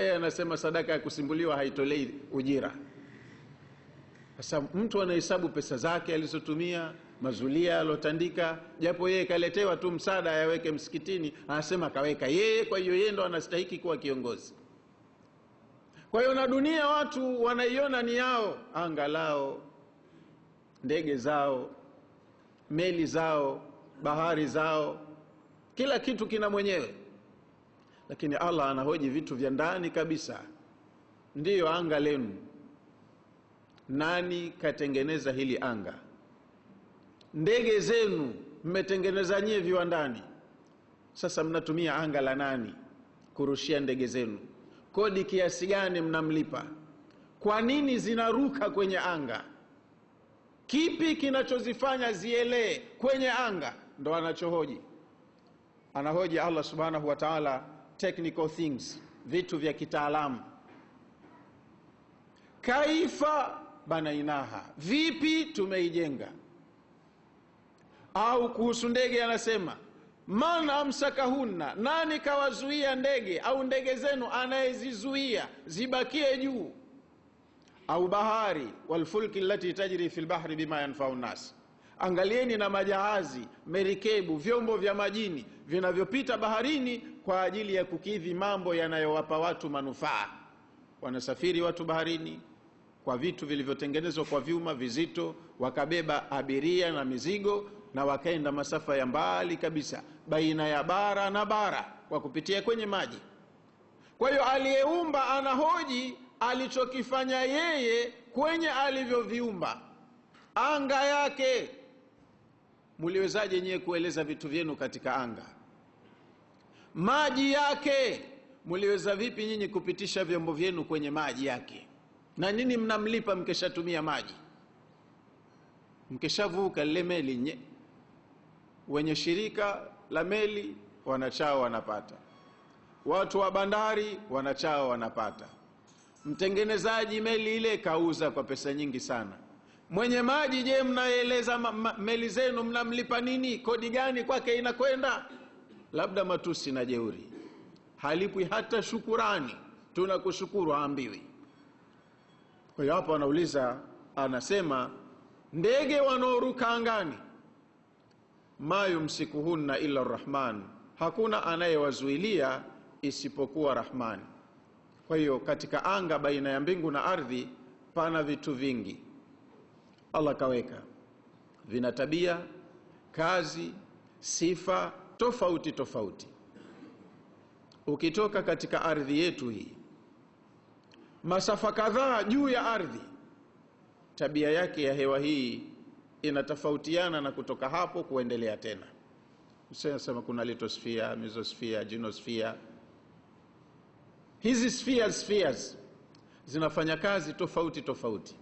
yeye anasema sadaka ya kusimbuliwa haitolei ujira sasa mtu anahesabu pesa zake alizotumia mazulia alotandika japo yeye kaletewa tu msaada ayaweke msikitini anasema kaweka yeye kwa hiyo yeye ndo anastahiki kuwa kiongozi kwa hiyo na dunia watu wanaiona ni yao anga lao ndege zao meli zao bahari zao kila kitu kina mwenyewe lakini Allah anahoji vitu vya ndani kabisa ndiyo anga lenu nani katengeneza hili anga ndege zenu mmetengeneza nyie viwandani sasa mnatumia anga la nani kurushia ndege zenu kodi kiasi gani mnamlipa kwa nini zinaruka kwenye anga kipi kinachozifanya zielee kwenye anga ndo anachohoji anahoji allah subhanahu wa taala technical things, vitu vya kitaalamu. Kaifa banainaha, vipi tumeijenga? Au kuhusu ndege anasema man amsakahunna, nani kawazuia ndege au ndege zenu, anayezizuia zibakie juu? Au bahari, walfulki lati tajri fi lbahri bima yanfau nnasi angalieni na majahazi, merikebu, vyombo vya majini vinavyopita baharini kwa ajili ya kukidhi mambo yanayowapa watu manufaa. Wanasafiri watu baharini kwa vitu vilivyotengenezwa kwa vyuma vizito, wakabeba abiria na mizigo, na wakaenda masafa ya mbali kabisa baina ya bara na bara kwa kupitia kwenye maji. Kwa hiyo aliyeumba anahoji alichokifanya yeye kwenye alivyoviumba anga yake muliwezaje nyie kueleza vitu vyenu katika anga maji yake muliweza vipi nyinyi kupitisha vyombo vyenu kwenye maji yake na nini mnamlipa mkeshatumia maji mkeshavuka lile meli nye wenye shirika la meli wanachao wanapata watu wa bandari wanachao wanapata mtengenezaji meli ile kauza kwa pesa nyingi sana Mwenye maji, je, mnaeleza meli zenu mnamlipa nini? Kodi gani kwake inakwenda? Labda matusi na jeuri, halipwi hata shukurani. Tunakushukuru aambiwi Kwa hiyo anauliza, anasema ndege wanaoruka angani, mayumsikuhunna yumsikuhunna illa Rahman, hakuna anayewazuilia isipokuwa Rahmani. Kwa hiyo katika anga baina ya mbingu na ardhi pana vitu vingi Allah kaweka vina tabia, kazi, sifa tofauti tofauti. Ukitoka katika ardhi yetu hii masafa kadhaa juu ya ardhi, tabia yake ya hewa hii inatofautiana na kutoka hapo kuendelea tena. Sema kuna litosfia, mesosphere, jinosfia. Hizi spheres, spheres zinafanya kazi tofauti tofauti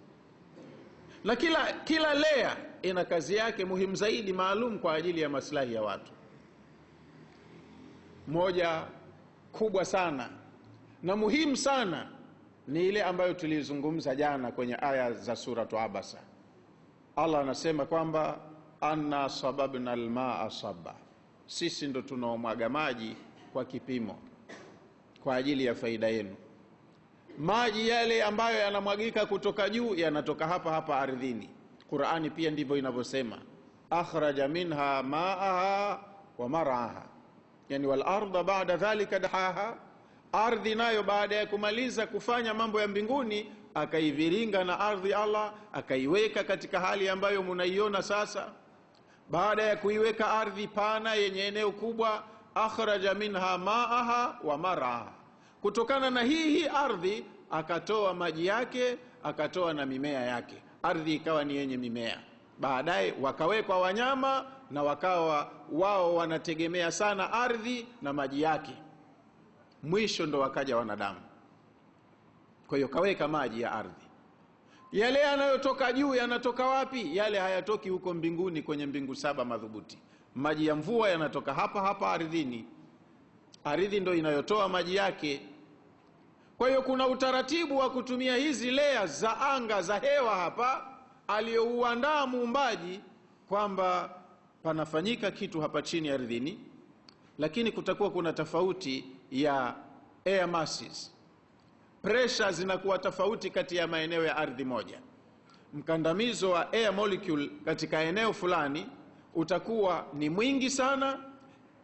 na kila kila lea ina kazi yake muhimu zaidi maalum kwa ajili ya maslahi ya watu moja kubwa sana na muhimu sana ni ile ambayo tulizungumza jana kwenye aya za suratu abasa allah anasema kwamba anna sababna lmaa saba sisi ndo tunaomwaga maji kwa kipimo kwa ajili ya faida yenu maji yale ambayo yanamwagika kutoka juu yanatoka hapa hapa ardhini. Qurani pia ndivyo inavyosema, akhraja minha maaha wa maraha, yani wal ba'da dhalika dahaha, ardhi nayo baada ya kumaliza kufanya mambo ya mbinguni akaiviringa na ardhi Allah akaiweka katika hali ambayo munaiona sasa. Baada ya kuiweka ardhi pana yenye eneo kubwa, akhraja minha maaha wa maraha kutokana na hii hii ardhi akatoa maji yake akatoa na mimea yake ardhi ikawa ni yenye mimea baadaye wakawekwa wanyama na wakawa wao wanategemea sana ardhi na maji yake mwisho ndo wakaja wanadamu kwa hiyo kaweka maji ya ardhi yale yanayotoka juu yanatoka wapi yale hayatoki huko mbinguni kwenye mbingu saba madhubuti maji ya mvua yanatoka hapa hapa ardhini ardhi ndo inayotoa maji yake kwa hiyo kuna utaratibu wa kutumia hizi lea za anga za hewa hapa aliyouandaa muumbaji kwamba panafanyika kitu hapa chini ardhini lakini kutakuwa kuna tofauti ya air masses zinakuwa tofauti kati ya maeneo ya ardhi moja mkandamizo wa air molecule katika eneo fulani utakuwa ni mwingi sana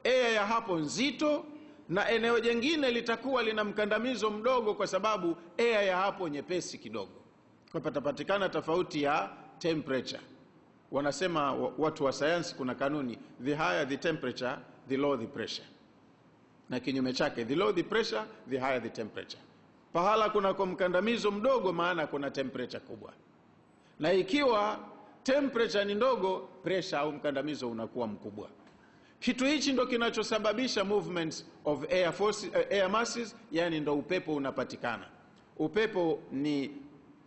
air ya hapo nzito na eneo jingine litakuwa lina mkandamizo mdogo, kwa sababu ea ya hapo nyepesi kidogo, kwa patapatikana tofauti ya temperature. Wanasema watu wa sayansi, kuna kanuni the higher the temperature the lower the pressure, na kinyume chake the lower the pressure the higher the temperature. Pahala kuna kwa mkandamizo mdogo, maana kuna temperature kubwa, na ikiwa temperature ni ndogo, pressure au mkandamizo unakuwa mkubwa. Kitu hichi ndo kinachosababisha movements of air force, uh, air masses, yani ndo upepo unapatikana. Upepo ni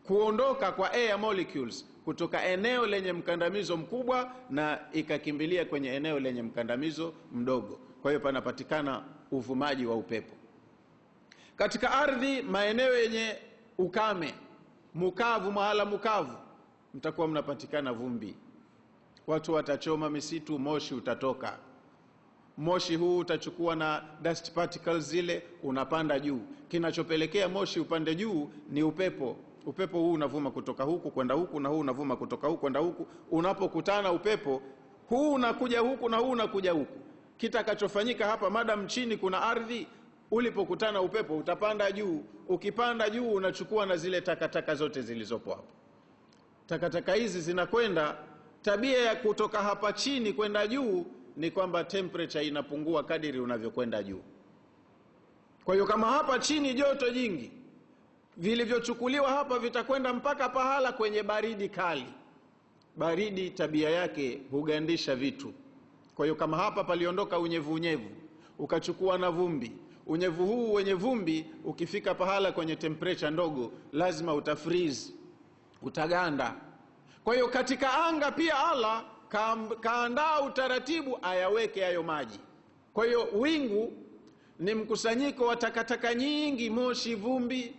kuondoka kwa air molecules kutoka eneo lenye mkandamizo mkubwa na ikakimbilia kwenye eneo lenye mkandamizo mdogo. Kwa hiyo panapatikana uvumaji wa upepo. Katika ardhi, maeneo yenye ukame mukavu, mahala mukavu, mtakuwa mnapatikana vumbi, watu watachoma misitu, moshi utatoka moshi huu utachukua na dust particles zile unapanda juu kinachopelekea moshi upande juu ni upepo upepo huu unavuma kutoka huku kwenda huku na huu unavuma kutoka huku kwenda huku unapokutana upepo huu unakuja huku na huu unakuja huku kitakachofanyika hapa madam chini kuna ardhi ulipokutana upepo utapanda juu ukipanda juu unachukua na zile takataka taka zote zilizopo hapo takataka hizi zinakwenda tabia ya kutoka hapa chini kwenda juu ni kwamba temperature inapungua kadiri unavyokwenda juu. Kwa hiyo kama hapa chini joto jingi, vilivyochukuliwa hapa vitakwenda mpaka pahala kwenye baridi kali. Baridi tabia yake hugandisha vitu. Kwa hiyo kama hapa paliondoka unyevu unyevu, ukachukua na vumbi, unyevu huu wenye vumbi ukifika pahala kwenye temperature ndogo, lazima utafreeze, utaganda. Kwa hiyo katika anga pia Allah kaandaa utaratibu ayaweke hayo maji. Kwa hiyo wingu ni mkusanyiko wa takataka nyingi, moshi, vumbi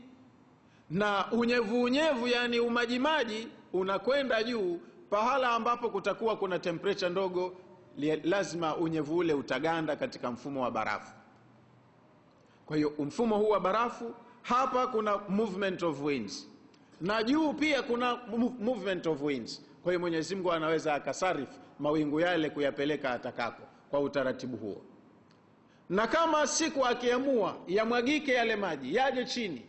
na unyevu unyevu, yani umajimaji unakwenda juu. Pahala ambapo kutakuwa kuna temperature ndogo, lazima unyevu ule utaganda katika mfumo wa barafu. Kwa hiyo mfumo huu wa barafu hapa kuna movement of winds na juu pia kuna movement of winds. Kwa hiyo Mwenyezi Mungu anaweza akasarifu mawingu yale kuyapeleka atakako kwa utaratibu huo, na kama siku akiamua yamwagike yale maji yaje chini,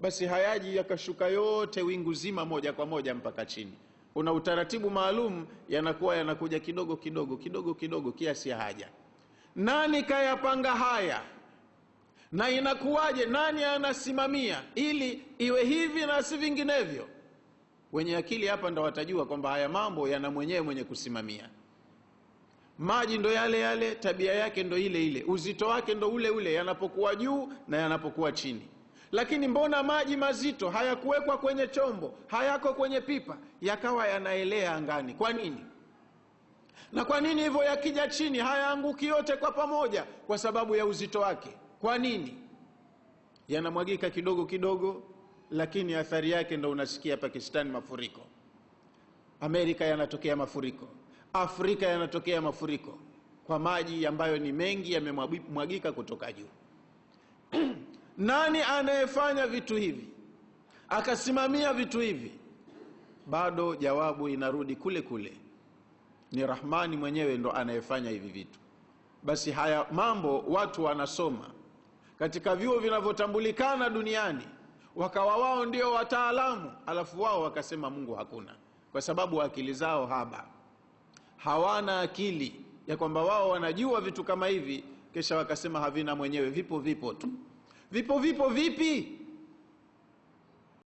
basi hayaji yakashuka yote wingu zima moja kwa moja mpaka chini. Una utaratibu maalum, yanakuwa yanakuja kidogo kidogo kidogo kidogo kiasi ya haja. Nani kayapanga haya na inakuwaje? Nani anasimamia ili iwe hivi na si vinginevyo? wenye akili hapa ndo watajua kwamba haya mambo yana mwenyewe mwenye kusimamia maji ndo yale yale tabia yake ndo ile ile uzito wake ndo ule ule yanapokuwa juu na yanapokuwa chini lakini mbona maji mazito hayakuwekwa kwenye chombo hayako kwenye pipa yakawa yanaelea angani kwa nini na kwa nini hivyo yakija chini hayaanguki yote kwa pamoja kwa sababu ya uzito wake kwa nini yanamwagika kidogo kidogo lakini athari yake ndo unasikia Pakistan mafuriko, Amerika yanatokea mafuriko, Afrika yanatokea mafuriko kwa maji ambayo ni mengi yamemwagika kutoka juu. Nani anayefanya vitu hivi akasimamia vitu hivi? Bado jawabu inarudi kule kule, ni Rahmani mwenyewe ndo anayefanya hivi vitu. Basi haya mambo watu wanasoma katika vyuo vinavyotambulikana duniani wakawa wao ndio wataalamu alafu wao wakasema mungu hakuna kwa sababu akili zao haba hawana akili ya kwamba wao wanajua vitu kama hivi kisha wakasema havina mwenyewe vipo vipo tu vipo vipo vipi